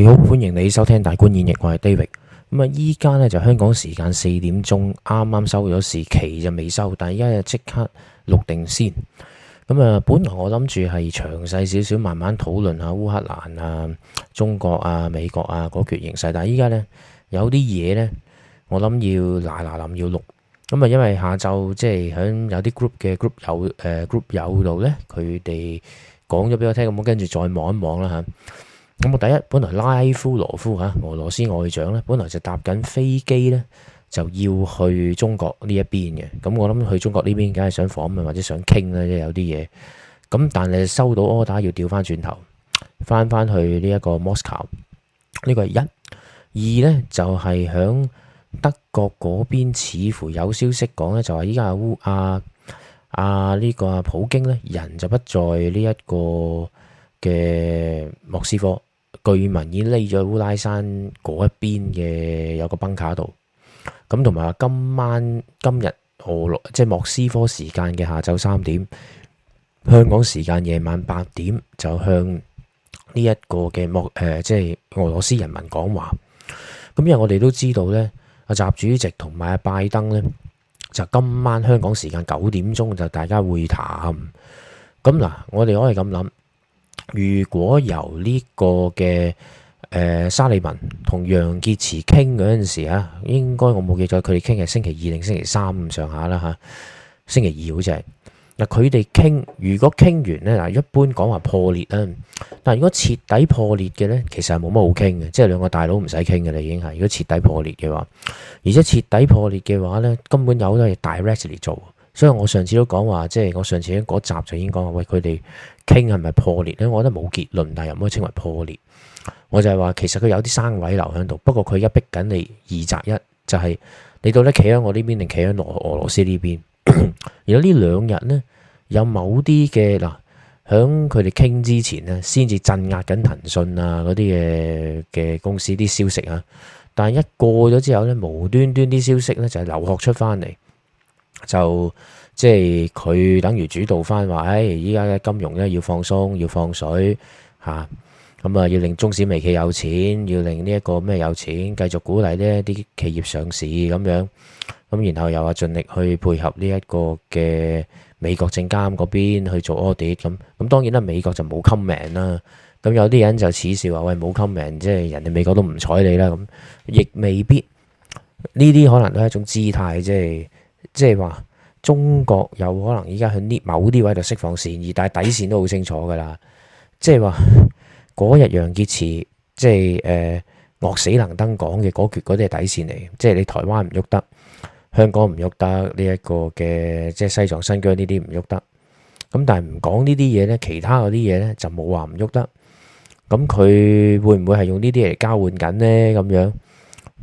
你好，歡迎你收聽大觀演繹，我係 David。咁啊，依家咧就香港時間四點鐘，啱啱收咗市，期就未收，但係依家就即刻錄定先。咁啊，本來我諗住係詳細少少，慢慢討論下烏克蘭啊、中國啊、美國啊嗰橛形勢，但係依家咧有啲嘢咧，我諗要嗱嗱臨要錄。咁啊，因為下晝即係喺有啲 group 嘅 group 友誒 group 友度咧，佢哋講咗俾我聽，咁我跟住再望一望啦吓。咁我第一，本嚟拉夫羅夫嚇俄羅斯外長咧，本來就搭緊飛機咧，就要去中國呢一邊嘅。咁我諗去中國呢邊，梗係想訪問或者想傾啦，即有啲嘢。咁但係收到 order 要調翻轉頭，翻翻去呢一個莫斯科。呢、呢個係一。二咧就係、係、響德國嗰邊，似乎有消息講咧，就係依家阿烏阿阿呢個阿、啊、普京咧，人就不在呢一個嘅莫斯科。據聞已匿咗烏拉山嗰一邊嘅有個崩卡度，咁同埋話今晚今日，俄羅即係莫斯科時間嘅下晝三點，香港時間夜晚八點就向呢一個嘅莫誒即係俄羅斯人民講話。咁因為我哋都知道呢，阿習主席同埋阿拜登呢，就今晚香港時間九點鐘就大家會談。咁嗱，我哋可以咁諗。如果由呢個嘅誒、呃、沙利文同楊潔篪傾嗰陣時啊，應該我冇記錯，佢哋傾係星期二定星期三咁上下啦吓。星期二好似係嗱，佢哋傾如果傾完咧嗱，一般講話破裂啦。但係如果徹底破裂嘅咧，其實係冇乜好傾嘅，即係兩個大佬唔使傾嘅啦，已經係。如果徹底破裂嘅話，而且徹底破裂嘅話咧，根本有都係 directly 做。所以我上次都講話，即係我上次喺嗰集就已經講話喂，佢哋。傾係咪破裂咧？我覺得冇結論，但又唔可以稱為破裂。我就係話，其實佢有啲生位留喺度，不過佢一逼緊你二擇一，就係、是、你到底企喺我呢邊定企喺俄俄羅斯呢邊？ 而果呢兩日呢，有某啲嘅嗱，響佢哋傾之前呢，先至鎮壓緊騰訊啊嗰啲嘅嘅公司啲消息啊，但係一過咗之後呢，無端端啲消息呢，就係流學出翻嚟，就。即係佢等於主導返話，誒依家嘅金融咧要放鬆，要放水嚇，咁啊要令中小微企有錢，要令呢一個咩有錢，繼續鼓勵呢啲企業上市咁樣，咁然後又話盡力去配合呢一個嘅美國證監嗰邊去做 audit 咁。咁、嗯嗯、當然啦，美國就冇 commit 啦。咁、嗯、有啲人就恥笑話喂冇 commit，即係人哋美國都唔睬你啦。咁、嗯、亦未必呢啲可能都係一種姿態，即係即係話。中國有可能依家喺呢某啲位度釋放善意，但係底線都好清楚㗎啦。即係話嗰日楊潔篪即係誒惡死能登講嘅嗰橛，嗰啲係底線嚟。即係你台灣唔喐得，香港唔喐得，呢一個嘅即係西藏新疆呢啲唔喐得。咁但係唔講呢啲嘢呢，其他嗰啲嘢呢，就冇話唔喐得。咁佢會唔會係用呢啲嚟交換緊呢？咁樣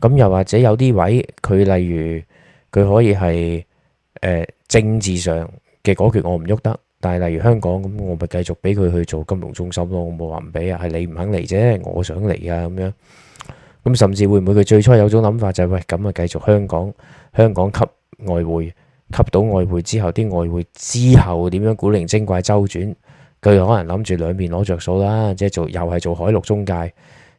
咁又或者有啲位佢例如佢可以係誒，呃政治上嘅嗰橛我唔喐得，但係例如香港咁，我咪繼續畀佢去做金融中心咯，我冇話唔畀啊，係你唔肯嚟啫，我想嚟啊咁樣。咁甚至會唔會佢最初有種諗法就係、是、喂咁啊，繼續香港，香港吸外匯，吸到外匯之後，啲外匯之後點樣古靈精怪周轉，佢可能諗住兩邊攞着數啦，即係做又係做海陸中介，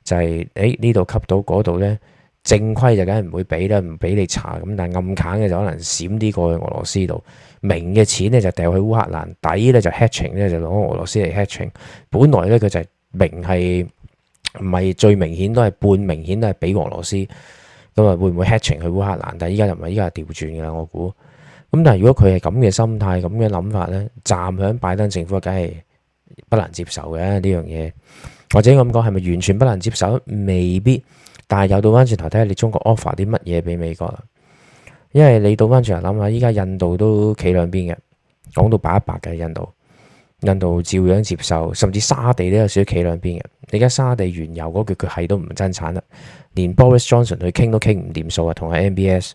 就係誒呢度吸到嗰度呢。」正規就梗係唔會俾啦，唔俾你查咁，但暗砍嘅就可能閃啲過去俄羅斯度，明嘅錢咧就掉去烏克蘭，底咧就 hatching 咧就攞俄羅斯嚟 hatching。本來咧佢就係明係唔係最明顯都係半明顯都係俾俄羅斯，咁啊會唔會 hatching 去烏克蘭？但係依家就唔係，依家係調轉嘅啦，我估。咁但係如果佢係咁嘅心態、咁嘅諗法咧，站喺拜登政府梗係不能接受嘅呢樣嘢。或者我咁講係咪完全不能接受？未必。但係又倒翻轉頭睇下你中國 offer 啲乜嘢俾美國啦，因為你倒翻轉頭諗下，依家印度都企兩邊嘅，講到白一白嘅印度，印度照樣接受，甚至沙地都有少少企兩邊嘅。你而家沙地原油嗰句佢係都唔增產啦，連 Boris Johnson 佢傾都傾唔掂數啊，同埋 MBS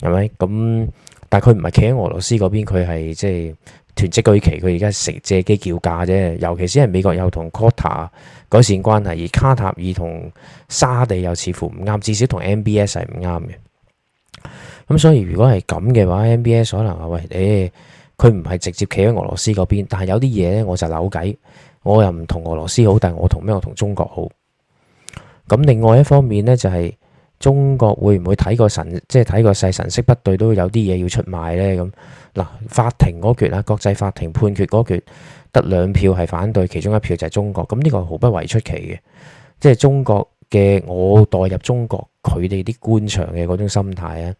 係咪？咁但係佢唔係企喺俄羅斯嗰邊，佢係即係囤積居奇，佢而家食借機叫價啫。尤其是係美國又同 Qatar 改善關係，而卡塔爾同沙地又似乎唔啱，至少同 MBS 係唔啱嘅。咁所以如果係咁嘅話，MBS 可能話：喂，誒、欸，佢唔係直接企喺俄羅斯嗰邊，但係有啲嘢咧，我就扭計，我又唔同俄羅斯好，但係我同咩？我同中國好。咁另外一方面咧，就係、是。中國會唔會睇個神，即係睇個勢，神色不對都有啲嘢要出賣呢？咁嗱？法庭嗰決啊，國際法庭判決嗰決得兩票係反對，其中一票就係中國。咁、這、呢個毫不為出奇嘅，即係中國嘅我代入中國佢哋啲官場嘅嗰種心態啊，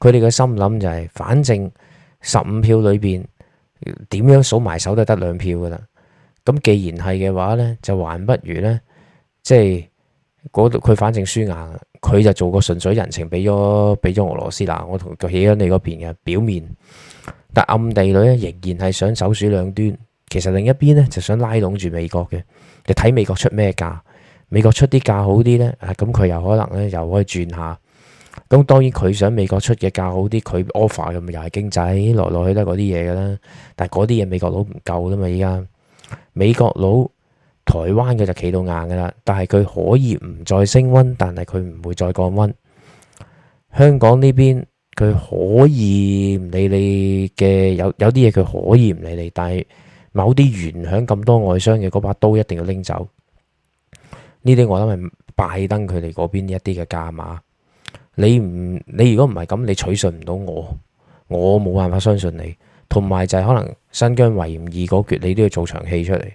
佢哋嘅心諗就係、是，反正十五票裏邊點樣數埋手都係得兩票噶啦。咁既然係嘅話呢就還不如呢，即係。度佢反正輸硬，佢就做個順水人情，俾咗俾咗俄羅斯嗱，我同佢起咗你嗰邊嘅表面，但暗地裏咧仍然係想首鼠兩端，其實另一邊咧就想拉攏住美國嘅，你睇美國出咩價美國出啲價好啲咧，咁、啊、佢又可能咧又可以轉下，咁當然佢想美國出嘅價好啲，佢 offer 咁又係經濟，落落去都係嗰啲嘢噶啦，但係嗰啲嘢美國佬唔夠啦嘛，依家美國佬。台灣嘅就企到硬噶啦，但係佢可以唔再升溫，但係佢唔會再降溫。香港呢邊佢可以唔理你嘅，有有啲嘢佢可以唔理你，但係某啲原響咁多外商嘅嗰把刀一定要拎走。呢啲我諗係拜登佢哋嗰邊一啲嘅價碼。你唔你如果唔係咁，你取信唔到我，我冇辦法相信你。同埋就係可能新疆維吾爾嗰橛，你都要做場戲出嚟。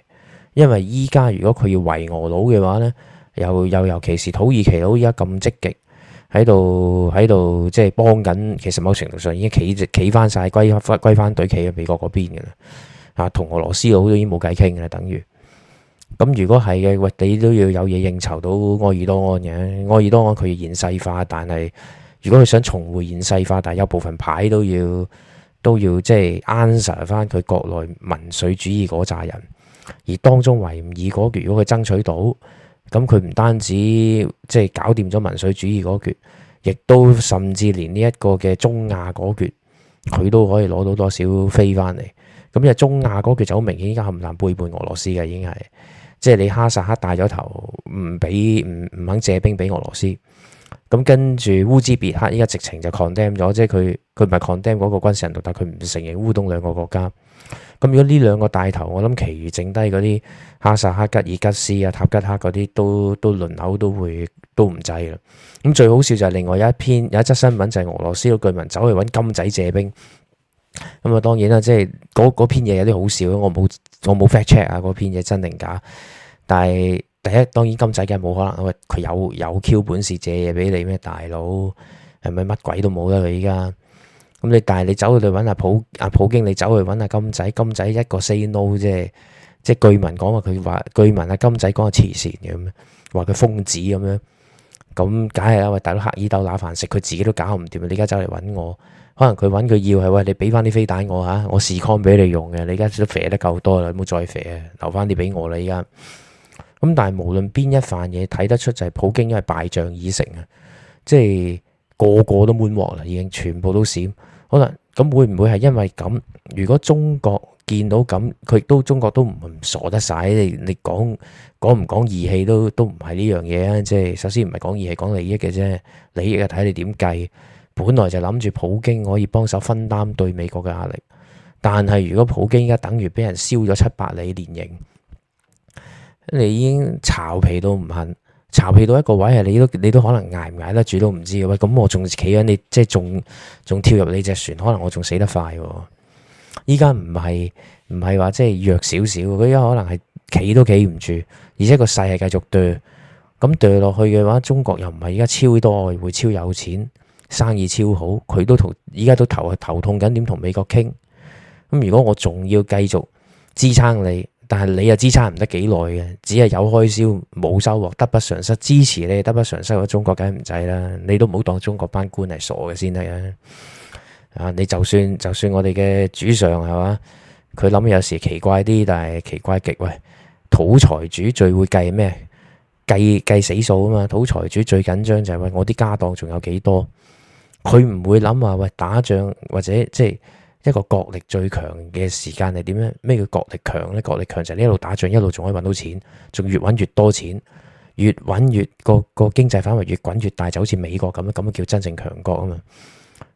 因為依家如果佢要圍俄佬嘅話呢又又尤其是土耳其佬依家咁積極喺度喺度，即係、就是、幫緊。其實某程度上已經企直企翻晒，歸歸歸翻隊企喺美國嗰邊嘅啦。啊，同俄羅斯佬都已經冇偈傾嘅啦，等於咁。如果係嘅，喂，你都要有嘢應酬到埃爾多安嘅。埃爾多安佢要現世化，但係如果佢想重回現世化，但有部分牌都要都要即係 answer 翻佢國內民粹主義嗰扎人。而當中維吾爾嗰橛，如果佢爭取到，咁佢唔單止即係搞掂咗民粹主義嗰橛，亦都甚至連呢一個嘅中亞嗰橛，佢都可以攞到多少飛翻嚟。咁又中亞嗰橛就好明顯，依家冚唥背叛俄羅斯嘅，已經係即係你哈薩克帶咗頭，唔俾唔唔肯借兵俾俄羅斯。咁跟住烏茲別克依家直情就 condemn 咗，即係佢佢唔係 condemn 嗰個軍事行動，但佢唔承認烏東兩個國家。咁如果呢兩個帶頭，我諗其餘剩低嗰啲哈薩克、吉爾吉斯啊、塔吉克嗰啲都都輪流都會都唔制啦。咁最好笑就係另外有一篇有一則新聞，就係俄羅斯嘅居民走去揾金仔借兵。咁啊，當然啦，即係嗰篇嘢有啲好笑，我冇我冇 fact check 啊，嗰篇嘢真定假？但係第一當然金仔梗係冇可能，佢有有 Q 本事借嘢畀你咩大佬？係咪乜鬼都冇得？佢依家？咁你但係你走去嚟揾阿普阿普京，你走去揾阿金仔，金仔一個 say no 啫，即係據聞講話佢話據聞阿金仔講話慈善咁樣話佢瘋子咁樣，咁梗係啦喂，大佬乞衣斗乸飯食，佢自己都搞唔掂你而家走嚟揾我，可能佢揾佢要係喂你畀翻啲飛彈我吓，我視康俾你用嘅，你而家都肥得夠多啦，冇再肥啊，留翻啲畀我啦，而家。咁但係無論邊一飯嘢睇得出就係普京因為敗仗已成啊，即係。個個都悶鑊啦，已經全部都閃，可能咁會唔會係因為咁？如果中國見到咁，佢都中國都唔傻得晒。你你講講唔講義氣都都唔係呢樣嘢啊！即係首先唔係講義氣，講利益嘅啫。利益啊，睇你點計。本來就諗住普京可以幫手分擔對美國嘅壓力，但係如果普京而家等於俾人燒咗七百里連營，你已經炒皮都唔肯。巢企到一個位你都你都可能捱唔捱得住都唔知嘅喂，咁我仲企緊你即，即係仲仲跳入你隻船，可能我仲死得快啊。依家唔係唔係話即係弱少少，佢而家可能係企都企唔住，而且個勢係繼續跌。咁跌落去嘅話，中國又唔係而家超多外匯超有錢，生意超好，佢都同依家都頭頭痛緊，點同美國傾？咁如果我仲要繼續支撐你？但係你又支撐唔得幾耐嘅，只係有開銷冇收穫，得不償失。支持你得不償失，咗中國梗係唔制啦。你都唔好當中國班官係傻嘅先得啊！啊，你就算就算我哋嘅主上係嘛，佢諗有時奇怪啲，但係奇怪極喂。土財主最會計咩？計計死數啊嘛。土財主最緊張就係，喂，我啲家當仲有幾多？佢唔會諗話喂，打仗或者即係。一個國力最強嘅時間係點呢？咩叫國力強呢？國力強就係一路打仗一路仲可以搵到錢，仲越搵越多錢，越搵越個個經濟範圍越滾越大，就好似美國咁啦，咁啊叫真正強國啊嘛。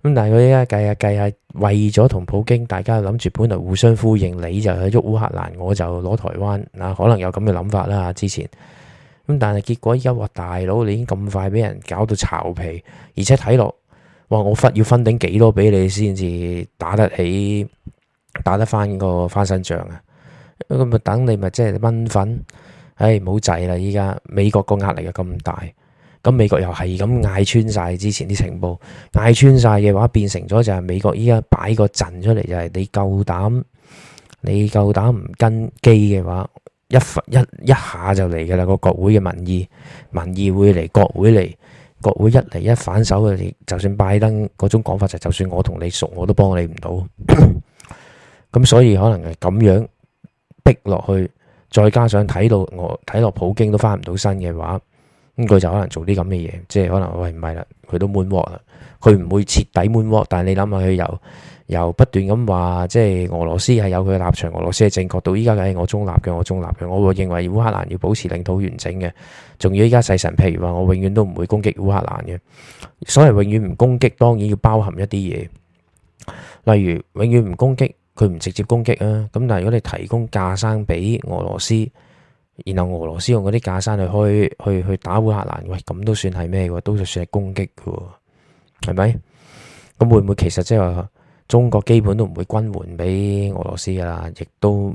咁但係佢依家計下計下，為咗同普京，大家諗住本來互相呼應，你就去喐烏克蘭，我就攞台灣啊，可能有咁嘅諗法啦。之前咁，但係結果依家話大佬，你已經咁快俾人搞到巢皮，而且睇落。我分要分頂幾多俾你先至打得起，打得翻個翻身仗啊！咁咪等你咪即係蚊粉，唉冇制冇滯啦！依家美國個壓力又咁大，咁美國又係咁嗌穿晒之前啲情報，嗌穿晒嘅話變成咗就係美國依家擺個陣出嚟，就係你夠膽，你夠膽唔跟機嘅話，一一一下就嚟㗎啦！個國會嘅民意，民意會嚟國會嚟。國會一嚟一反手嘅，就算拜登嗰種講法就係、就算我同你熟，我都幫你唔到。咁 所以可能係咁樣逼落去，再加上睇到我睇落普京都翻唔到身嘅話，咁佢就可能做啲咁嘅嘢，即係可能喂唔係啦，佢都悶鑊啦，佢唔會徹底悶鑊，但係你諗下佢又。又不斷咁話，即係俄羅斯係有佢嘅立場，俄羅斯係正確到依家。梗係我中立嘅，我中立嘅。我會認為烏克蘭要保持領土完整嘅，仲要依家細神。譬如話，我永遠都唔會攻擊烏克蘭嘅。所謂永遠唔攻擊，當然要包含一啲嘢，例如永遠唔攻擊佢，唔直接攻擊啊。咁但係如果你提供架生俾俄羅斯，然後俄羅斯用嗰啲架生去開去去，去打烏克蘭，喂咁都算係咩嘅？都算係攻擊嘅喎，係咪？咁會唔會其實即係話？中國基本都唔會軍援畀俄羅斯噶啦，亦都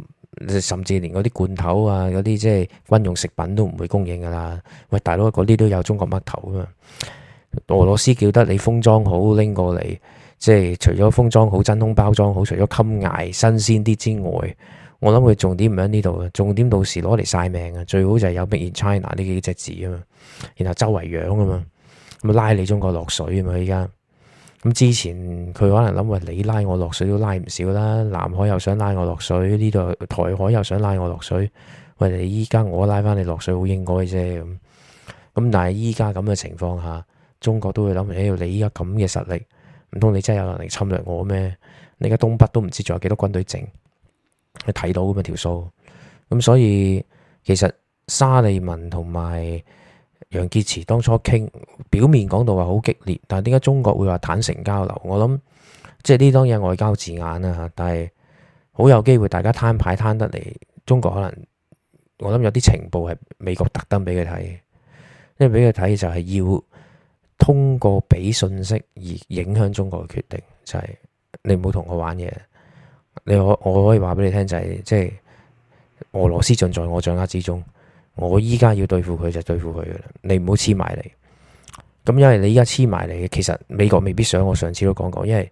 甚至連嗰啲罐頭啊，嗰啲即係軍用食品都唔會供應噶啦。喂，大佬嗰啲都有中國嘜頭啊嘛。俄羅斯叫得你封裝好拎過嚟，即係除咗封裝好真空包裝好，除咗冚捱新鮮啲之外，我諗佢重點唔喺呢度啊。重點到時攞嚟曬命啊！最好就係有 made in China 呢幾隻字啊嘛，然後周圍養啊嘛，咁拉你中國落水啊嘛，而家。咁之前佢可能諗話你拉我落水都拉唔少啦，南海又想拉我落水，呢度台海又想拉我落水，喂，你依家我拉翻你落水好應該啫咁。咁、嗯、但係依家咁嘅情況下，中國都會諗，哎，你依家咁嘅實力，唔通你真係有能力侵略我咩？你而家東北都唔知仲有幾多軍隊剩，你睇到咁嘅條數，咁、嗯、所以其實沙利文同埋。楊潔篪當初傾表面講到話好激烈，但係點解中國會話坦誠交流？我諗即係呢檔嘢，外交字眼啊，但係好有機會大家攤牌攤得嚟。中國可能我諗有啲情報係美國特登畀佢睇，因為畀佢睇就係要通過俾信息而影響中國嘅決定，就係、是、你唔好同我玩嘢。你我我可以話畀你聽就係、是，即係俄羅斯盡在我掌握之中。我依家要對付佢就對付佢噶啦，你唔好黐埋嚟。咁因為你依家黐埋嚟嘅，其實美國未必想。我上次都講過，因為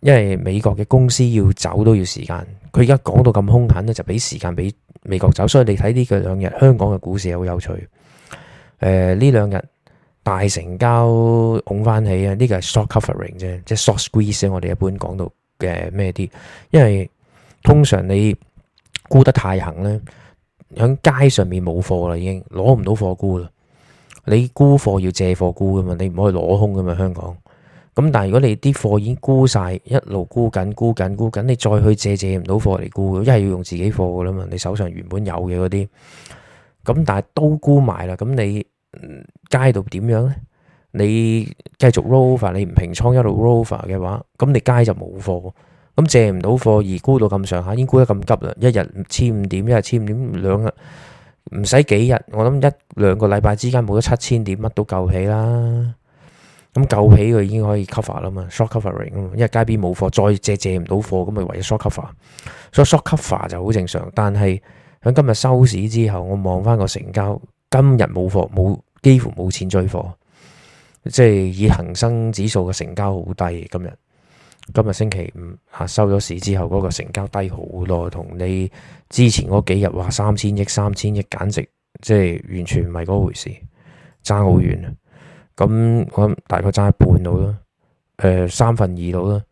因為美國嘅公司要走都要時間。佢而家講到咁兇狠咧，就俾時間俾美國走。所以你睇呢個兩日香港嘅股市好有趣。誒、呃，呢兩日大成交拱翻起啊！呢個係 short covering 啫，即係 short squeeze 啊！我哋一般講到嘅咩啲，因為通常你沽得太狠咧。喺街上面冇貨啦，已經攞唔到貨沽啦。你沽貨要借貨沽噶嘛，你唔可以攞空噶嘛，香港。咁但係如果你啲貨已經沽晒，一路沽緊沽緊沽緊，你再去借借唔到貨嚟沽，一係要用自己貨噶啦嘛，你手上原本有嘅嗰啲。咁但係都沽埋啦，咁你街度點樣呢？你繼續 rover，你唔平倉一路 rover 嘅話，咁你街就冇貨。咁借唔到貨而沽到咁上下，已經沽得咁急啦！一日千五點，一日千五點，兩日唔使幾日，幾我諗一兩個禮拜之間冇咗七千點，乜都夠起啦。咁夠起佢已經可以 cover 啦嘛，short covering 啊嘛，因為街邊冇貨，再借借唔到貨，咁咪唯有 short cover，所以 short cover 就好正常。但係喺今日收市之後，我望翻個成交，今日冇貨，冇幾乎冇錢追貨，即係以恒生指數嘅成交好低今日。今日星期五啊，收咗市之後，嗰、那個成交低好多，同你之前嗰幾日話三千億、三千億，簡直即係完全唔係嗰回事，爭好遠啊！咁我諗大概爭一半到啦，誒、呃，三分二到啦。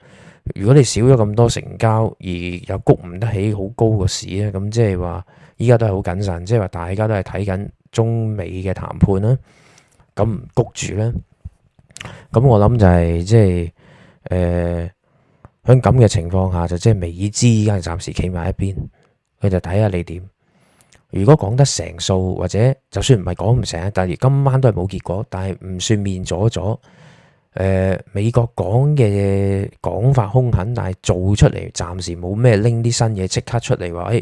如果你少咗咁多成交，而又谷唔得起好高個市咧，咁即係話依家都係好謹慎，即係話大家都係睇緊中美嘅談判啦，咁唔谷住咧，咁我諗就係、是、即係誒。呃咁嘅情況下，就即係未知，而家暫時企埋一邊，佢就睇下你點。如果講得成數，或者就算唔係講唔成，但係今晚都係冇結果，但係唔算面阻阻。誒、呃，美國講嘅講法兇狠，但係做出嚟暫時冇咩拎啲新嘢即刻出嚟話，誒、哎、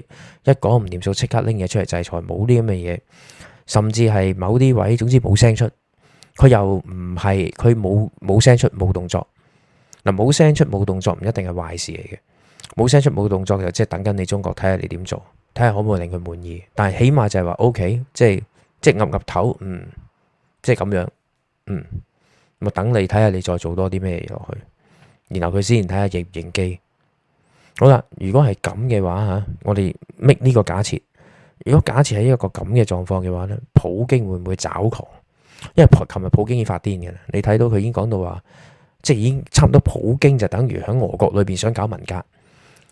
一講唔掂數即刻拎嘢出嚟制裁，冇啲咁嘅嘢，甚至係某啲位，總之冇聲出。佢又唔係佢冇冇聲出冇動作。嗱，冇聲出冇動作唔一定係壞事嚟嘅，冇聲出冇動作就即係等緊你中國睇下你點做，睇下可唔可以令佢滿意，但係起碼就係話 OK，即係即係岌岌頭，嗯，即係咁樣，嗯，咁啊等你睇下你再做多啲咩嘢落去，然後佢先睇下認唔認機。好啦，如果係咁嘅話吓，我哋 make 呢個假設，如果假設喺一個咁嘅狀況嘅話咧，普京會唔會抓狂？因為琴日普京已經發癲嘅啦，你睇到佢已經講到話。即係已經差唔多，普京就等於喺俄國裏邊想搞文革，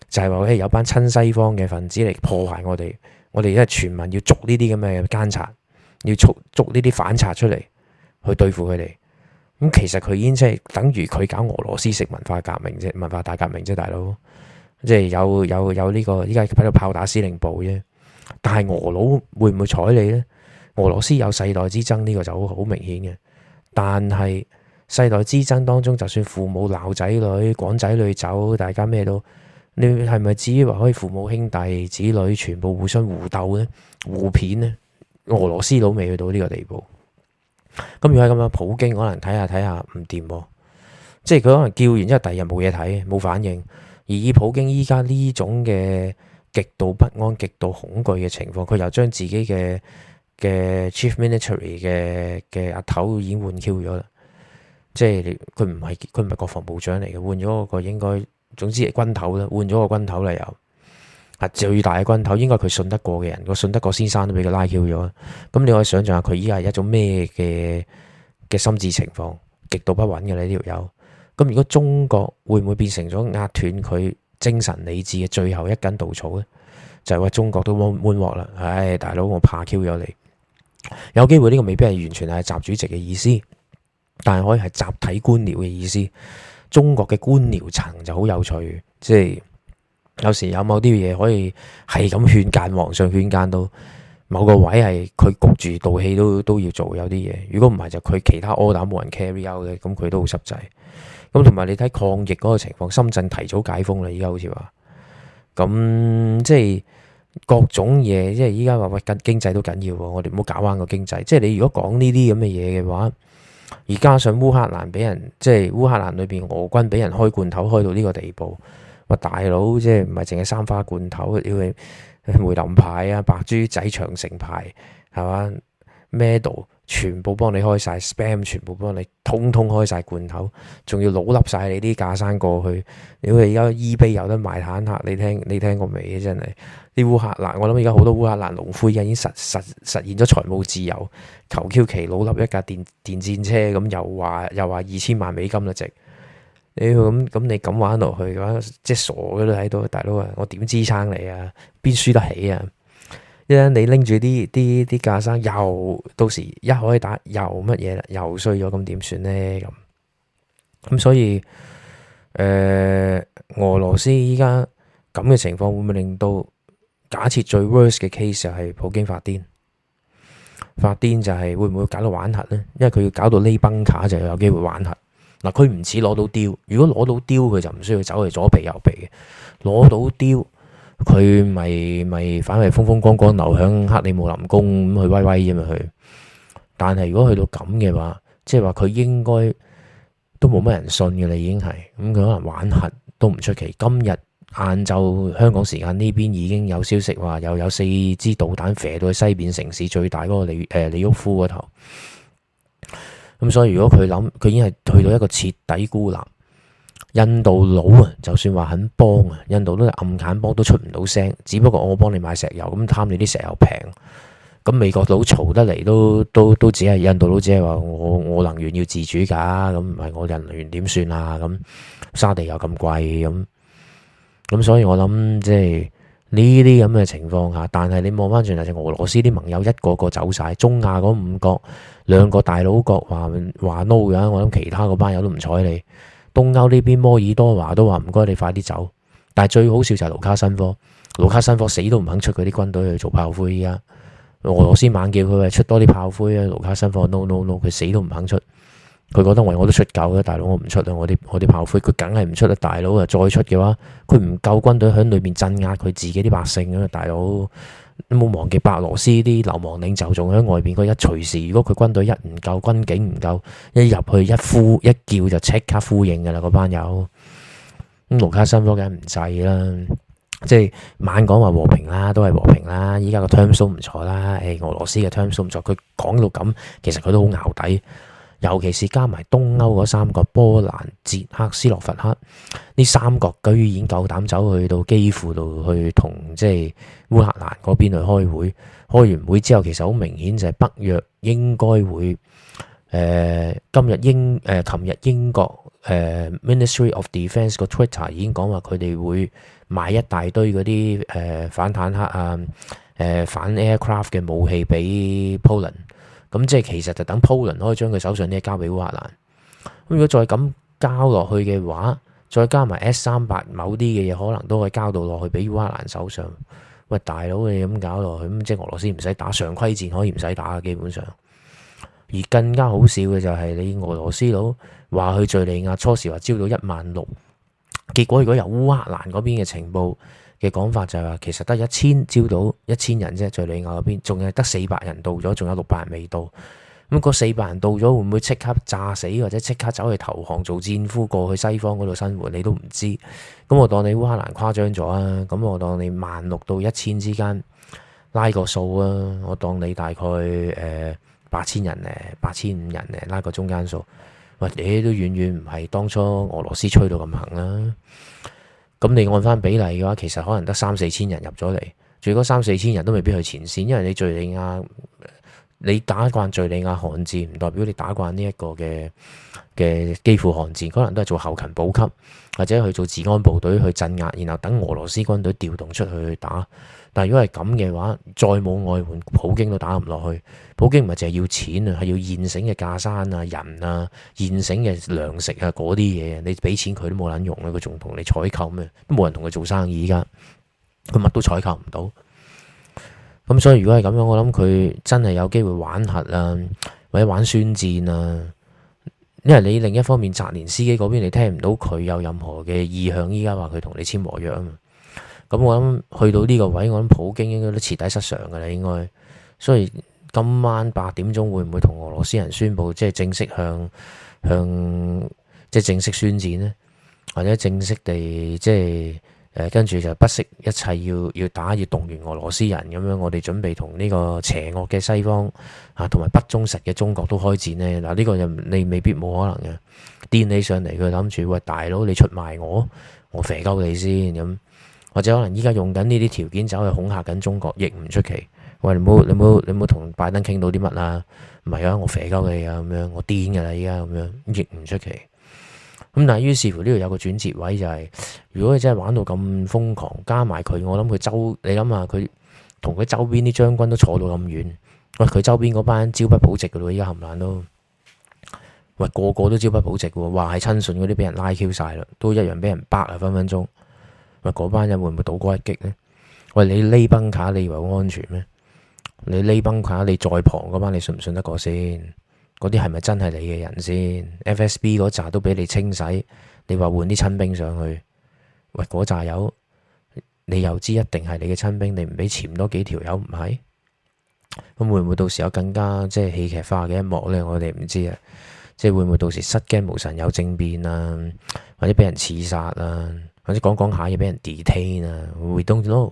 就係話有班親西方嘅分子嚟破壞我哋，我哋即係全民要捉呢啲咁嘅奸賊，要捉捉呢啲反賊出嚟去對付佢哋。咁其實佢已經即係等於佢搞俄羅斯式文化革命啫，文化大革命啫，大佬。即係有有有呢個，依家喺度炮打司令部啫。但係俄佬會唔會睬你呢？俄羅斯有世代之爭呢個就好好明顯嘅，但係。世代之爭當中，就算父母鬧仔女，趕仔女走，大家咩都，你係咪至於話可以父母兄弟，子女全部互相互鬥呢？互片呢？俄羅斯佬未去到呢個地步，咁如果係咁樣，普京可能睇下睇下唔掂，即係佢可能叫完之後第二日冇嘢睇，冇反應。而以普京依家呢種嘅極度不安、極度恐懼嘅情況，佢又將自己嘅嘅 Chief Ministry 嘅嘅阿頭已經換 Q 咗啦。即係佢唔係，佢唔係國防部長嚟嘅，換咗個應該，總之係軍頭啦，換咗個軍頭嚟又，啊，最大嘅軍頭，應該佢信得過嘅人，個信得過先生都俾佢拉 Q 咗啦。咁你可以想象下佢依家係一種咩嘅嘅心智情況，極度不穩嘅啦呢條友。咁如果中國會唔會變成咗壓斷佢精神理智嘅最後一根稻草呢？就係話中國都悶悶鑊啦，唉大佬我怕 Q 咗你，有機會呢個未必係完全係習主席嘅意思。但係可以係集體官僚嘅意思。中國嘅官僚層就好有趣，即係有時有某啲嘢可以係咁勸諫皇上，勸諫到某個位係佢焗住，道歉都都要做有啲嘢。如果唔係就佢其他 order 冇人 carry out 嘅，咁佢都好實際。咁同埋你睇抗疫嗰個情況，深圳提早解封啦，而家好似話咁，即係各種嘢，即係而家話緊經濟都緊要喎，我哋唔好搞翻個經濟。即係你如果講呢啲咁嘅嘢嘅話。而加上烏克蘭畀人即係烏克蘭裏邊俄軍畀人開罐頭開到呢個地步，話大佬，即係唔係淨係三花罐頭，要梅林牌啊、白豬仔、長城牌係嘛咩度全部幫你開晒，spam 全部幫你通通開晒罐頭，仲要老笠晒你啲架生過去。屌，而家 eBay 有得賣坦克，你聽你聽過未？真係啲烏克蘭，我諗而家好多烏克蘭農夫已經實實實現咗財務自由，求 Q 其老笠一架電電戰車，咁又話又話二千萬美金啦值。屌，咁咁你咁玩落去嘅話，即係傻嘅都睇到，大佬啊，我點支撐你啊？邊輸得起啊？你拎住啲啲啲架生，又到時一可以打，又乜嘢啦，又衰咗，咁點算咧？咁咁所以，誒、呃，俄羅斯依家咁嘅情況，會唔會令到假設最 worst 嘅 case 就係普京發癲？發癲就係會唔會搞到玩核咧？因為佢要搞到呢崩卡就有機會玩核。嗱，佢唔似攞到雕，如果攞到雕，佢就唔需要走去左避右避嘅，攞到雕。佢咪咪反為風風光光留喺克里姆林宮咁去威威啫嘛，佢，但係如果去到咁嘅話，即係話佢應該都冇乜人信嘅啦，已經係咁，佢可能玩核都唔出奇。今日晏晝香港時間呢邊已經有消息話，又有四支導彈射到去西邊城市最大嗰個利，呃，利沃夫嗰頭。咁、嗯、所以如果佢諗佢已經係去到一個徹底孤立。印度佬啊，就算話肯幫啊，印度都係暗砍幫，都出唔到聲。只不過我幫你買石油，咁貪你啲石油平。咁美國佬嘈得嚟，都都都只係印度佬只，只係話我我能源要自主噶，咁唔係我能源點算啊？咁沙地又咁貴，咁咁所以我諗即係呢啲咁嘅情況下，但係你望翻轉嚟，只俄羅斯啲盟友一個個走晒，中亞嗰五國兩個大佬國話話 no 噶，我諗其他嗰班友都唔睬你。東歐呢邊摩爾多瓦都話唔該你快啲走，但係最好笑就係盧卡申科，盧卡申科死都唔肯出佢啲軍隊去做炮灰，而家俄羅斯猛叫佢出多啲炮灰啊！盧卡申科 no no no，佢死都唔肯出。佢覺得我我都出夠嘅，大佬我唔出啦，我啲我啲炮灰，佢梗係唔出啦，大佬啊，再出嘅話，佢唔夠軍隊喺裏邊鎮壓佢自己啲百姓啊，大佬，你冇忘記白羅斯啲流亡領袖仲喺外邊，佢一隨時如果佢軍隊一唔夠軍警唔夠，一入去一呼一叫就即刻呼應㗎啦，嗰班友。咁盧卡申科梗係唔制啦，即係晚講話和平啦，都係和平啦，依家個 terms so 唔錯啦，誒俄羅斯嘅 terms so 唔錯，佢講到咁，其實佢都好淆底。尤其是加埋東歐嗰三個波蘭、捷克、斯洛伐克呢三個，居然夠膽走去到基輔度去同即係烏克蘭嗰邊去開會。開完會之後，其實好明顯就係北約應該會誒、呃、今日英誒琴、呃、日英國誒、呃、Ministry of Defence 個 Twitter 已經講話佢哋會買一大堆嗰啲誒反坦克啊誒、呃、反 aircraft 嘅武器俾 Poland。咁即係其實就等波蘭可以將佢手上啲嘢交俾烏克蘭。咁如果再咁交落去嘅話，再加埋 S 三百某啲嘅嘢，可能都可以交到落去俾烏克蘭手上。喂，大佬你咁搞落去，咁即係俄羅斯唔使打常規戰，可以唔使打，基本上。而更加好笑嘅就係你俄羅斯佬話去敘利亞初時話招到一萬六，結果如果由烏克蘭嗰邊嘅情報。嘅講法就係話，其實得一千招到一千人啫，敘利亞嗰邊，仲係得四百人到咗，仲有六百人未到。咁個四百人到咗，會唔會即刻炸死，或者即刻走去投降做戰俘過去西方嗰度生活，你都唔知。咁我當你烏克蘭誇張咗啊！咁我當你萬六到一千之間拉個數啊！我當你大概誒八千人誒，八千五人誒，拉個中間數，喂，你都遠遠唔係當初俄羅斯吹到咁行啊。咁你按翻比例嘅話，其實可能得三四千人入咗嚟，最多三四千人都未必去前線，因為你敘利亞，你打慣敘利亞巷戰，唔代表你打慣呢一個嘅嘅基輔巷戰，可能都係做後勤補給，或者去做治安部隊去鎮壓，然後等俄羅斯軍隊調動出去去打。但如果係咁嘅話，再冇外援，普京都打唔落去。普京唔係淨係要錢啊，係要現成嘅架山啊、人啊、現成嘅糧食啊嗰啲嘢。你俾錢佢都冇撚用啦、啊，佢仲同你採購咩？都冇人同佢做生意而、啊、家，佢乜都採購唔到。咁所以如果係咁樣，我諗佢真係有機會玩核啊，或者玩宣戰啊。因為你另一方面，澤連斯基嗰邊你聽唔到佢有任何嘅意向，依家話佢同你簽和約啊嘛。咁我諗去到呢個位，我諗普京應該都徹底失常噶啦，應該。所以今晚八點鐘會唔會同俄羅斯人宣佈，即係正式向向即係正式宣戰呢？或者正式地即係跟住就不惜一切要要打要動員俄羅斯人咁樣，我哋準備同呢個邪惡嘅西方啊同埋不忠實嘅中國都開戰呢。嗱、啊、呢個就你未必冇可能嘅，癲起上嚟佢諗住喂大佬你出賣我，我肥鳩你先咁。或者可能依家用緊呢啲條件走去恐嚇緊中國，亦唔出奇。喂，你冇你冇你冇同拜登傾到啲乜啊？唔係啊，我肥鳩你啊！咁樣我癲噶啦，依家咁樣亦唔出奇。咁但係於是乎呢度有個轉折位就係、是，如果你真係玩到咁瘋狂，加埋佢，我諗佢周，你諗下佢同佢周邊啲將軍都坐到咁遠。喂，佢周邊嗰班朝不保夕噶咯，依家冚唪唥都喂個個都朝不保夕。話係親信嗰啲俾人拉 Q 晒啦，都一樣俾人剝啊，分分鐘。嗰班人會唔會倒戈一擊呢？喂，你匿崩卡，你以為安全咩？你匿崩卡，你喺旁嗰班，你信唔信得過先？嗰啲係咪真係你嘅人先？FSB 嗰扎都俾你清洗，你話換啲親兵上去，喂，嗰扎友，你又知一定係你嘅親兵，你唔俾潛多幾條友唔係？咁會唔會到時候有更加即係戲劇化嘅一幕呢？我哋唔知啊，即係會唔會到時失驚無神有政變啦、啊，或者俾人刺殺啦、啊？或者講講下嘢，俾人 detain 啊，we don't know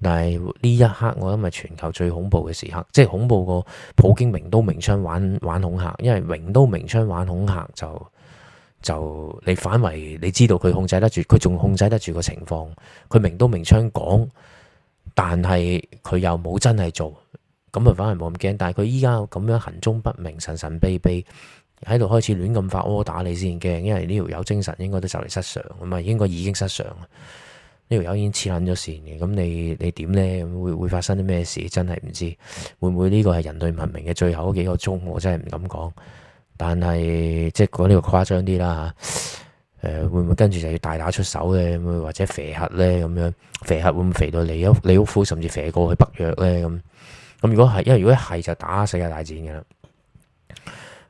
但係呢一刻我諗係全球最恐怖嘅時刻，即係恐怖過普京明刀明槍玩玩恐嚇，因為明刀明槍玩恐嚇就就你反為，你知道佢控制得住，佢仲控制得住個情況，佢明刀明槍講，但係佢又冇真係做，咁啊反而冇咁驚，但係佢依家咁樣行蹤不明，神神秘秘。喺度開始亂咁發窩打你先驚，因為呢條友精神應該都就嚟失常，咁啊應該已經失常。呢條友已經黐捻咗線嘅，咁你你點呢？會會發生啲咩事？真係唔知會唔會呢個係人類文明嘅最後幾個鐘？我真係唔敢講。但係即係講呢個誇張啲啦吓。誒、呃，會唔會跟住就要大打出手嘅？或者肥核呢？咁樣？肥核會唔會肥到利沃利沃夫，甚至肥過去北約呢？咁咁如果係，因為如果係就打世界大戰嘅啦。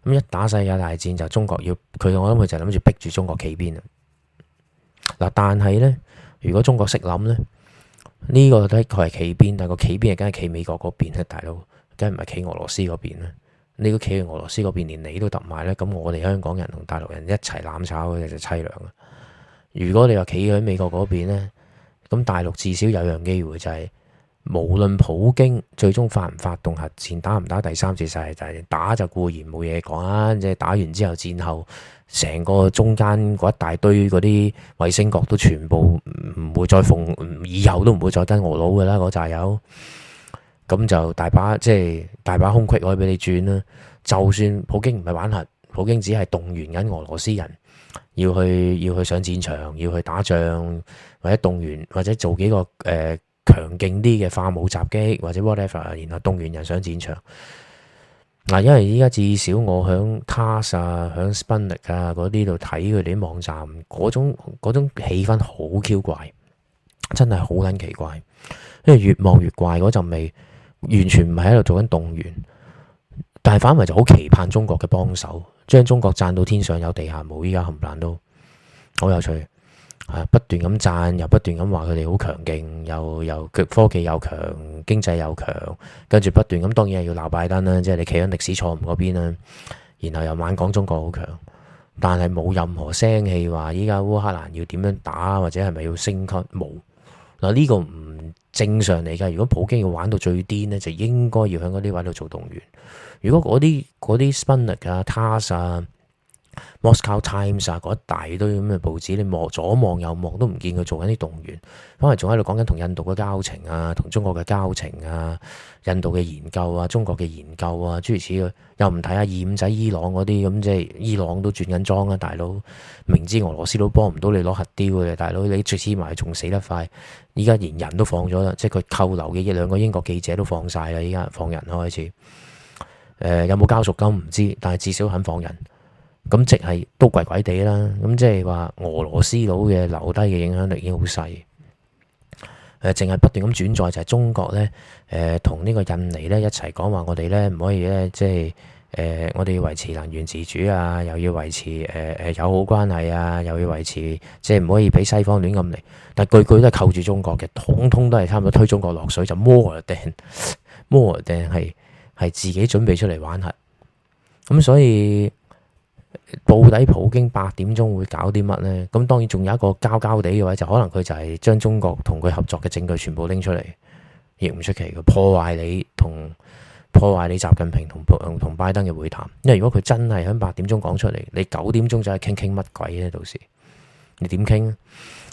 咁一打世界大戰就中國要佢，我諗佢就諗住逼住中國企邊嗱。但係呢，如果中國識諗呢，呢個的確係企邊，但係個企邊係梗係企美國嗰邊咧，大佬梗係唔係企俄羅斯嗰邊咧。你都企喺俄羅斯嗰邊，連你都揼埋咧，咁我哋香港人同大陸人一齊攬炒，佢就淒涼啦。如果你話企喺美國嗰邊呢，咁大陸至少有樣機會就係。無論普京最終發唔發動核戰，打唔打第三次世界大戰，打就固然冇嘢講啦。即係打完之後戰後，成個中間嗰一大堆嗰啲衛星國都全部唔會再奉，以後都唔會再跟俄佬噶啦。嗰扎有咁就大把，即係大把空隙可以俾你轉啦。就算普京唔係玩核，普京只係動員緊俄羅斯人要去要去上戰場，要去打仗，或者動員或者做幾個，誒。呃強勁啲嘅化武襲擊或者 whatever，然後動員人上戰場。嗱，因為依家至少我響 TASS 啊、響 Sputnik 啊嗰啲度睇佢哋啲網站，嗰種嗰種氣氛好 Q 怪，真係好撚奇怪。因為越望越怪嗰陣味，完全唔係喺度做緊動員，但係反為就好期盼中國嘅幫手，將中國讚到天上，有地下冇。依家冚唪唥都好有趣。啊！不斷咁讚，又不斷咁話佢哋好強勁，又又佢科技又強，經濟又強，跟住不斷咁，當然係要鬧拜登啦，即係你企喺歷史錯誤嗰邊啦。然後又猛講中國好強，但係冇任何聲氣話依家烏克蘭要點樣打，或者係咪要升級？冇。嗱，呢個唔正常嚟㗎。如果普京要玩到最癲呢，就應該要喺嗰啲位度做動員。如果嗰啲嗰啲 spend 啊、task 啊。Moscow Times 嗰一大堆咁嘅報紙，你望左望右望都唔見佢做緊啲動員，可能仲喺度講緊同印度嘅交情啊，同中國嘅交情啊，印度嘅研究啊，中國嘅研究啊，諸如此類，又唔睇下二五仔伊朗嗰啲咁，即係伊朗都轉緊裝啊，大佬明知俄羅斯都幫唔到你攞核雕嘅，大佬你最黐埋仲死得快，依家連人都放咗啦，即係佢扣留嘅兩個英國記者都放晒啦，依家放人開始，誒、呃，有冇交贖金唔知，但係至少肯放人。咁即係都鬼鬼地啦，咁即係話俄羅斯佬嘅留低嘅影響力已經好細，誒、呃，淨係不斷咁轉載就係、是、中國咧，誒、呃，同呢個印尼咧一齊講話，我呢呢、呃，我哋咧唔可以咧即係，誒，我哋要維持能源自主啊，又要維持誒誒、呃、友好關係啊，又要維持，即係唔可以俾西方亂咁嚟，但句句都係扣住中國嘅，統通都係差唔多推中國落水就 more 定，more 定係係自己準備出嚟玩下咁所以。到底普京八點鐘會搞啲乜呢？咁當然仲有一個膠膠地嘅話，就可能佢就係將中國同佢合作嘅證據全部拎出嚟，亦唔出奇嘅破壞你同破壞你習近平同同拜登嘅會談。因為如果佢真係喺八點鐘講出嚟，你九點鐘就係傾傾乜鬼呢？到時你點傾？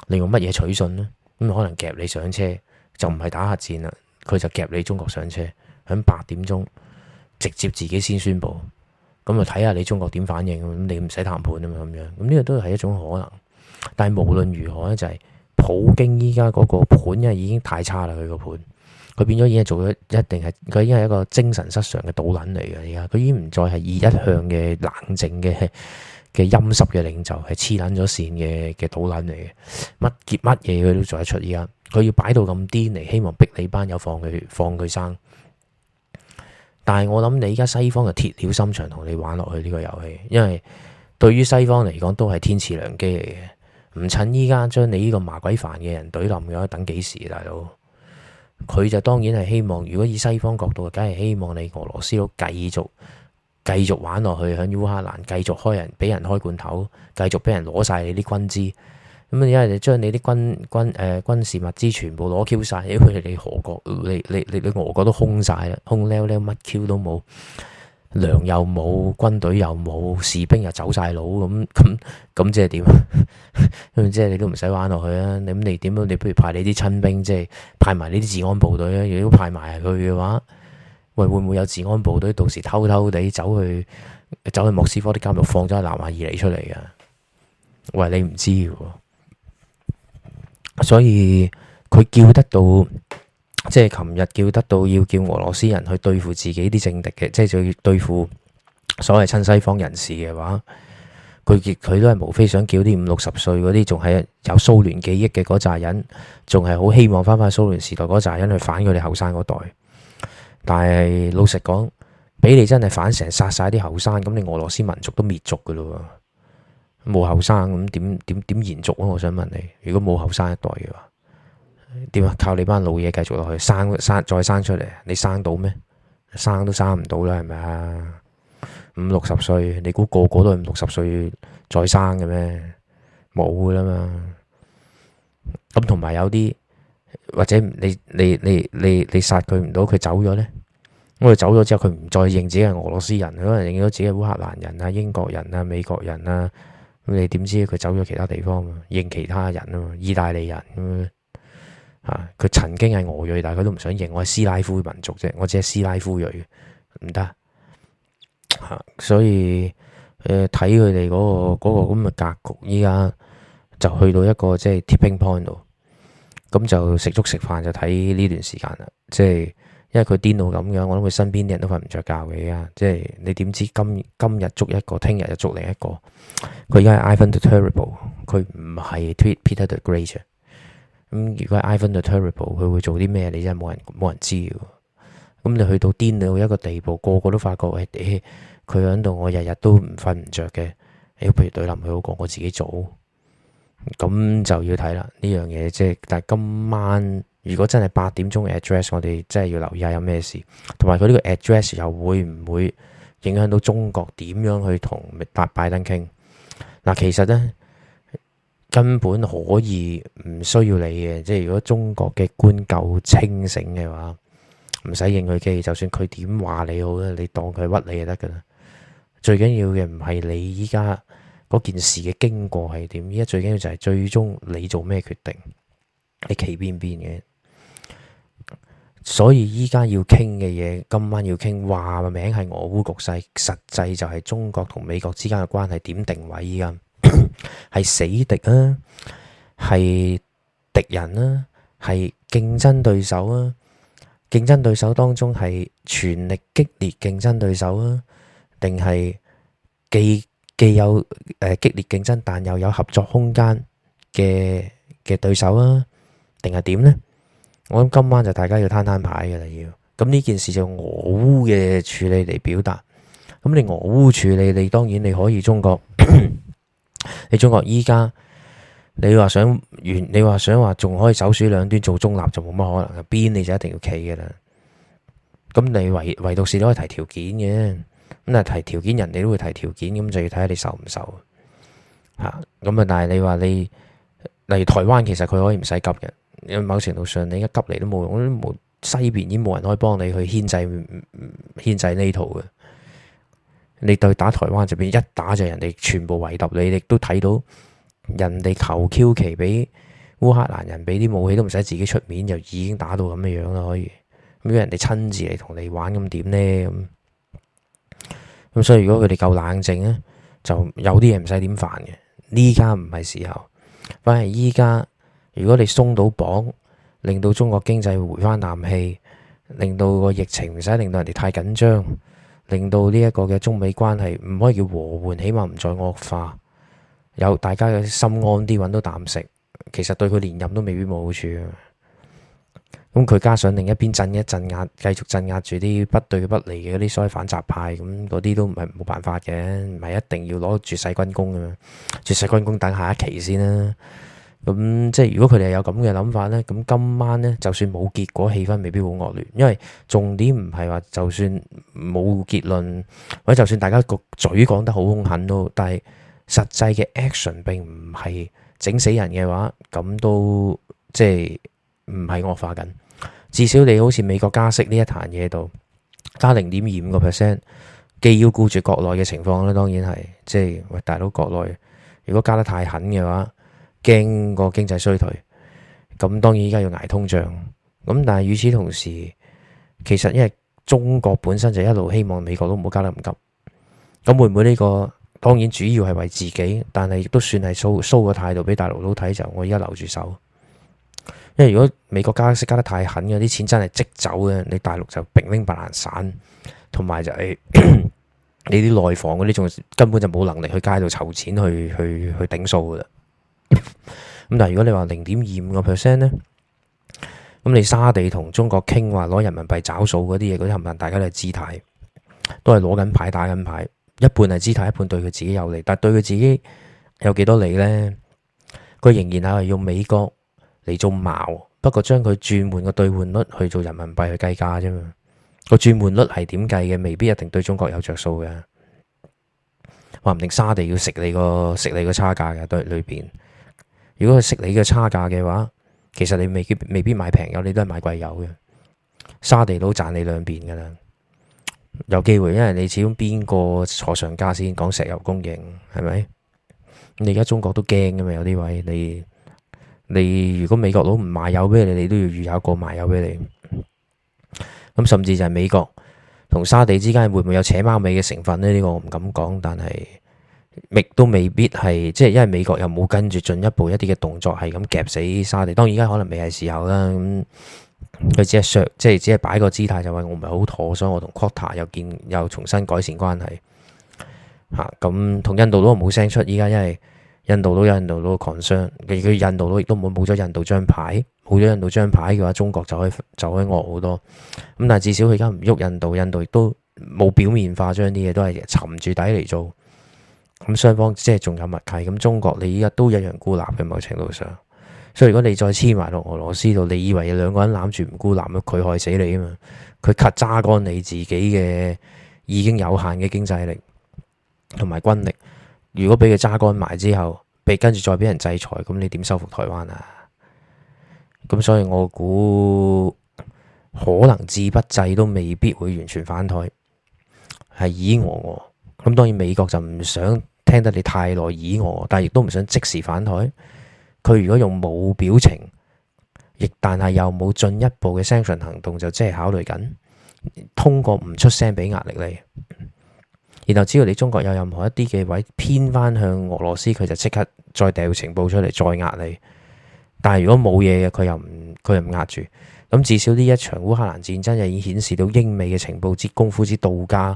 你用乜嘢取信呢？咁可能夾你上車就唔係打核戰啦，佢就夾你中國上車，喺八點鐘直接自己先宣布。咁啊，睇下你中國點反應，咁你唔使談判啊嘛，咁樣，咁呢個都係一種可能。但係無論如何咧，就係、是、普京依家嗰個盤啊，已經太差啦，佢個盤，佢變咗已經做咗一定係，佢已經係一個精神失常嘅倒撚嚟嘅。而家佢已經唔再係以一向嘅冷靜嘅嘅陰濕嘅領袖，係黐撚咗線嘅嘅倒撚嚟嘅。乜結乜嘢佢都做得出。依家佢要擺到咁癲嚟，希望逼你班友放佢放佢生。但係我諗你依家西方就鐵了心腸同你玩落去呢個遊戲，因為對於西方嚟講都係天賜良機嚟嘅，唔趁依家將你呢個麻鬼煩嘅人懟冧咗，等幾時大佬？佢就當然係希望，如果以西方角度，梗係希望你俄羅斯佬繼續繼續玩落去響烏克蘭，繼續開人俾人開罐頭，繼續俾人攞晒你啲軍資。咁啊、呃，因為你將你啲軍軍誒軍事物資全部攞 Q 晒，誒，佢哋你俄國，你你你你俄國都空晒啦，空咧咧，乜 Q 都冇，糧又冇，軍隊又冇，士兵又走晒佬咁，咁咁即係點？咁 即係你都唔使玩落去啊！你咁你點樣？你不如派你啲親兵，即係派埋你啲治安部隊啊！如果派埋佢嘅話，喂，會唔會有治安部隊到時偷偷地走去走去莫斯科啲監獄放咗個南華二嚟出嚟㗎？喂，你唔知嘅喎。所以佢叫得到，即係琴日叫得到要叫俄羅斯人去對付自己啲政敵嘅，即係就要對付所謂親西方人士嘅話，佢佢都係無非想叫啲五六十歲嗰啲，仲係有蘇聯記憶嘅嗰扎人，仲係好希望翻返蘇聯時代嗰扎人去反佢哋後生嗰代。但係老實講，俾你真係反成殺晒啲後生，咁你俄羅斯民族都滅族噶咯。冇後生咁點點點延續啊！我想問你，如果冇後生一代嘅話，點啊？靠你班老嘢繼續落去生生再生出嚟，你生到咩？生都生唔到啦，係咪啊？五六十歲，你估個個都係五六十歲再生嘅咩？冇噶啦嘛。咁同埋有啲或者你你你你你殺佢唔到，佢走咗呢？咁佢走咗之後，佢唔再認自己係俄羅斯人，可能認咗自己係烏克蘭人啊、英國人啊、美國人啊。你點知佢走咗其他地方啊？認其他人啊？嘛，意大利人咁樣吓，佢、啊、曾經係俄裔，但係佢都唔想認我係斯拉夫民族啫，我只係斯拉夫裔，唔得吓。所以誒，睇佢哋嗰個、嗰個咁嘅格局，依家就去到一個即係 tipping point 度，咁就食粥食飯就睇呢段時間啦，即係。因為佢癲到咁樣，我諗佢身邊啲人都瞓唔着覺嘅而家，即係你點知今今日捉一個，聽日就捉另一個。佢而家係 Ivan the Terrible，佢唔係 Tweet Peter the Great。咁如果係 Ivan the Terrible，佢會做啲咩？你真係冇人冇人知。咁你去到癲到一個地步，個個都發覺誒，佢響度，我日日都唔瞓唔着嘅。誒，譬如隊林佢好講，我自己做，咁就要睇啦。呢樣嘢即係，但係今晚。如果真係八點鐘 address，我哋真係要留意下有咩事，同埋佢呢個 address 又會唔會影響到中國點樣去同拜登傾？嗱，其實咧根本可以唔需要你嘅，即係如果中國嘅官夠清醒嘅話，唔使應佢嘅。就算佢點話你好咧，你當佢屈你就得噶啦。最緊要嘅唔係你依家嗰件事嘅經過係點，依家最緊要就係最終你做咩決定，你企邊邊嘅？所以依家要傾嘅嘢，今晚要傾話嘅名係俄烏局勢，實際就係中國同美國之間嘅關係點定位啊？而家係死敵啊？係敵人啊？係競爭對手啊？競爭對手當中係全力激烈競爭對手啊？定係既既有誒激烈競爭，但又有合作空間嘅嘅對手啊？定係點呢？我諗今晚就大家要攤攤牌噶啦，要咁呢件事就俄烏嘅處理嚟表達。咁你俄烏處理，你當然你可以中國， 你中國依家你話想完，你話想話仲可以首鼠兩端做中立就冇乜可能，邊你就一定要企噶啦。咁你唯唯獨是你可以提條件嘅，咁啊提條件人哋都會提條件，咁就要睇下你受唔受。吓咁啊，但係你話你例如台灣，其實佢可以唔使急嘅。某程度上，你而家急嚟都冇用，西邊已經冇人可以幫你去牽制牽制呢套嘅。你對打台灣就變一打就人哋全部圍立你，亦都睇到人哋求求其畀烏克蘭人畀啲武器都唔使自己出面，就已經打到咁嘅樣啦。可以，如果人哋親自嚟同你玩咁點呢？咁咁所以如果佢哋夠冷靜呢，就有啲嘢唔使點煩嘅。呢家唔係時候，反而依家。如果你鬆到綁，令到中國經濟回返啖氣，令到個疫情唔使令到人哋太緊張，令到呢一個嘅中美關係唔可以叫和緩，起碼唔再惡化，有大家嘅心安啲，揾到啖食，其實對佢連任都未必冇好處。咁佢加上另一邊鎮一鎮壓，繼續鎮壓住啲不對不離嘅嗰啲所謂反習派，咁嗰啲都唔係冇辦法嘅，唔係一定要攞住絕世軍功嘅嘛，住絕世軍功等下一期先啦。咁即係如果佢哋係有咁嘅諗法呢，咁今晚呢，就算冇結果，氣氛未必會惡劣。因為重點唔係話就算冇結論，或者就算大家個嘴講得好兇狠都，但係實際嘅 action 並唔係整死人嘅話，咁都即係唔係惡化緊。至少你好似美國加息呢一壇嘢度加零點二五個 percent，既要顧住國內嘅情況啦，當然係即係喂，大佬國內如果加得太狠嘅話，驚個經濟衰退，咁當然依家要捱通脹，咁但係與此同時，其實因為中國本身就一路希望美國都唔好加得咁急，咁會唔會呢個？當然主要係為自己，但係亦都算係 show show 嘅態度俾大陸佬睇就我依家留住手，因為如果美國加息加得太狠嘅，啲錢真係即走嘅，你大陸就零零白蘭散，同埋就係你啲內房嗰啲，仲根本就冇能力去街度籌錢去去去頂數噶啦。咁但係如果你話零點二五個 percent 咧，咁你沙地同中國傾話攞人民幣找數嗰啲嘢，嗰啲冚唪唥，大家都係姿態，都係攞緊牌打緊牌，一半係姿態，一半對佢自己有利。但係對佢自己有幾多利咧？佢仍然係用美國嚟做矛，不過將佢轉換個兌換率去做人民幣去計價啫嘛。個轉換率係點計嘅？未必一定對中國有着數嘅。話唔定沙地要食你個食你個差價嘅，對裏邊。如果佢食你嘅差價嘅話，其實你未必未必買平油，你都係買貴油嘅。沙地佬賺你兩邊噶啦，有機會，因為你始終邊個坐上家先講石油供應係咪？你而家中國都驚㗎嘛，有啲位你你如果美國佬唔賣油俾你，你都要預有一個賣油俾你。咁甚至就係美國同沙地之間會唔會有扯貓尾嘅成分呢？呢、呢個我唔敢講，但係。亦都未必係，即係因為美國又冇跟住進一步一啲嘅動作係咁夾死沙地，當然而家可能未係時候啦。咁、嗯、佢只係上，即係只係擺個姿態，就話我唔係好妥，所以我同 Qatar 又見又重新改善關係。吓，咁同印度都冇聲出，而家因為印度都有印度都 concern，佢佢印度都亦都冇冇咗印度張牌，冇咗印度張牌嘅話，中國就可以就可以惡好多。咁但係至少佢而家唔喐印度，印度亦都冇表面化，將啲嘢都係沉住底嚟做。咁雙方即係仲有默契，咁中國你依家都一樣孤立嘅某程度上，所以如果你再黐埋落俄羅斯度，你以為兩個人攬住唔孤立，佢害死你啊嘛？佢 cut 揸乾你自己嘅已經有限嘅經濟力同埋軍力，如果俾佢揸乾埋之後，後被跟住再俾人制裁，咁你點收復台灣啊？咁所以我估可能至不濟都未必會完全反台，係以我我咁，當然美國就唔想。聽得你太耐耳我，但亦都唔想即時反台。佢如果用冇表情，亦但係又冇進一步嘅 sanction 行動，就即係考慮緊通過唔出聲俾壓力你。然後只要你中國有任何一啲嘅位偏翻向俄羅斯，佢就即刻再掉情報出嚟再壓你。但係如果冇嘢嘅，佢又唔佢又唔壓住。咁至少呢一場烏克蘭戰爭就已經顯示到英美嘅情報之功夫之道家。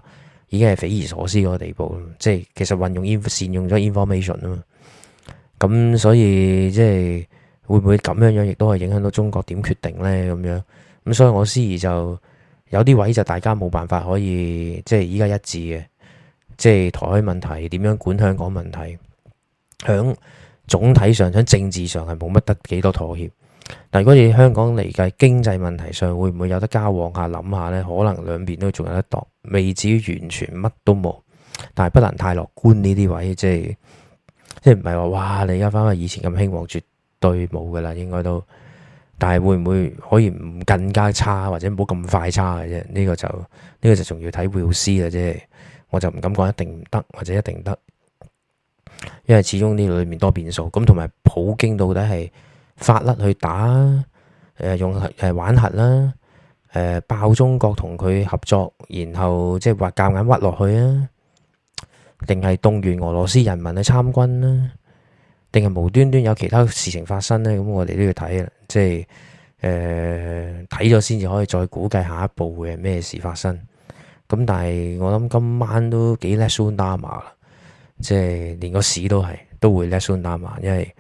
已經係匪夷所思嗰個地步，即係其實運用、善用咗 information 啊，嘛。咁、嗯、所以即係會唔會咁樣樣，亦都係影響到中國點決定呢？咁樣咁，所以我思而就有啲位就大家冇辦法可以即係依家一致嘅，即係台海問題點樣管香港問題，響總體上響政治上係冇乜得幾多妥協。但如果以香港嚟計，經濟問題上會唔會有得交往下諗下呢，可能兩邊都仲有得度，未至於完全乜都冇，但係不能太樂觀呢啲位，即係即係唔係話哇，你而家翻去以前咁興旺，絕對冇噶啦，應該都，但係會唔會可以唔更加差，或者唔好咁快差嘅啫？呢個就呢個就仲要睇 Willis 啦，啫，我就唔敢講一定唔得或者一定得，因為始終呢裏面多變數，咁同埋普京到底係？發甩去打，誒、呃、用核誒玩核啦，誒、呃、爆中國同佢合作，然後即係話夾硬屈落去啊，定係動員俄羅斯人民去參軍啦，定係無端端有其他事情發生呢？咁、嗯、我哋都要睇啊，即係誒睇咗先至可以再估計下一步會係咩事發生。咁但係我諗今晚都幾 less than drama 啦，即係連個市都係都會 less than drama 因為。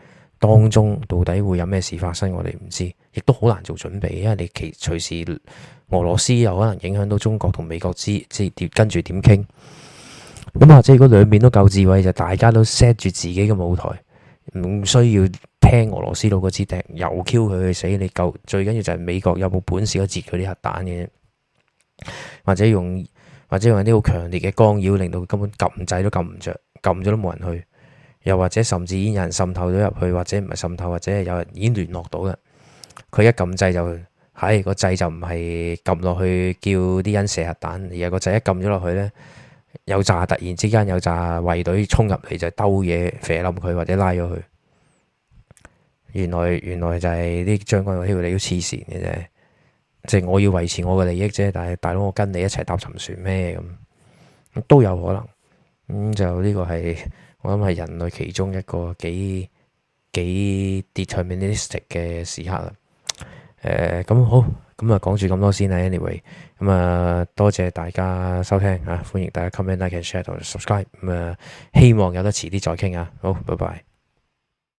當中到底會有咩事發生，我哋唔知，亦都好難做準備，因為你其隨時俄羅斯又可能影響到中國同美國之，即係點跟住點傾，咁、嗯、或者如果兩邊都夠智慧就是、大家都 set 住自己嘅舞台，唔需要聽俄羅斯佬嗰支笛，又 Q 佢去死，你夠最緊要就係美國有冇本事去截佢啲核彈嘅，或者用或者用啲好強烈嘅干擾令到佢根本撳掣都撳唔着，撳咗都冇人去。又或者甚至有人滲透咗入去，或者唔係滲透，或者有人已經聯絡到啦。佢一撳掣就係、哎個掣就唔係撳落去叫啲人射核彈，而係個掣一撳咗落去咧，有炸，突然之間有炸，衛隊衝入嚟就兜、是、嘢射冧佢或者拉咗佢。原來原來就係啲將軍，我屢屢都黐線嘅啫。即、就、係、是、我要維持我嘅利益啫，但係大佬我跟你一齊搭沉船咩？咁都有可能。咁、嗯、就呢個係。我諗係人類其中一個幾 deterministic 嘅時刻啦。誒、呃，咁、嗯、好，咁、嗯、啊講住咁多先啦。anyway，咁、嗯、啊多謝大家收聽吓、啊，歡迎大家 comment like, share、嗯、like、share 同埋 subscribe。咁啊，希望有得遲啲再傾啊。好，拜拜。